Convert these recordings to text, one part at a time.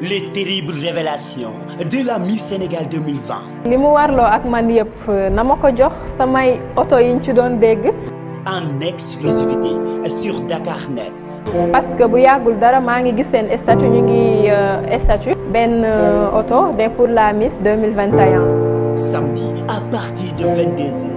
les terribles révélations de la Miss li mu warloo ak man yëpp euh, na ma ko jox samay oto yi ñu ci doon dégg. en exclusivité sur Dakarnet. parce que bu yàggul dara maa ngi gis seen statut ñu ngi euh, statut. benn euh, oto mais pour la Miss 2021. samedi à partir de 22h.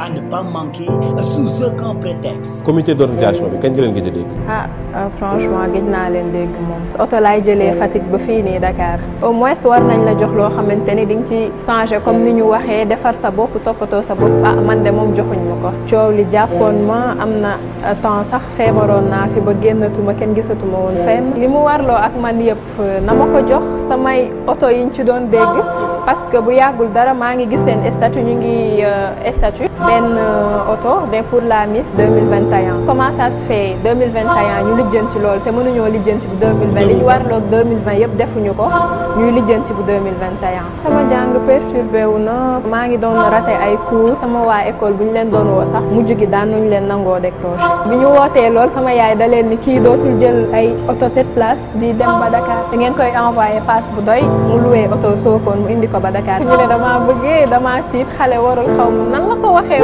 à ne pas manquer sous aucun prétexte. comité d'organisation bi kañ nga leen gëj a dégg. ah euh, franchement gëj naa leen dégg moom. oto laay jëlee Fatick ba fii nii Dakar. au moins war nañ la jox loo xamante ni di nga ci changer comme ni ñu waxee defar sa bopp toppatoo sa bopp ah man de moom joxuñ ma ko. coow li jàppoon ma am na euh, temps sax feebaroon naa fi ba génnatuma kenn gisatuma woon fenn. li mu warloo ak man yëpp euh, na ma ko jox samay oto yiñ ci doon dégg. parce que bu yàggul dara maa ngi gis seen statut ñu ngi euh, statut benn euh, oto mais pour la Miss 2021 comment ça se fait 2021 ñu lijjanti loolu te mënuñoo lijjanti bu 2020 li ñu warloog 2020 yëpp defuñu ko ñuy lijjanti bu 2021 sama jàng perturbé wu na maa ngi doon raté ay cours sama waa école bu ñu leen doon woo sax mujj gi daan nuñu leen nangoo décroché bi ñu wootee lool sama yaay da leen ni kii dootu jël ay oto sept places di dem ba Dakar da ngeen koy envoyé passe bu doy ko ba Dakar ñu ne dama bëggee damaa tiit xale warul xaw ma nan la ko waxee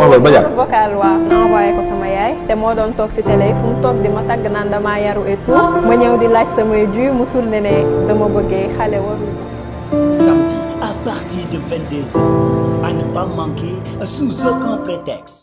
vocal waaw envoyé ko sama yaay te moo doon toog si télé fu mu toog di ma tagg naan damaa yaru et ma ñëw di laaj samay ju mu tourné ne dama bëggee xale warul samedi à partir de 22h ne pas manquer sous aucun prétexte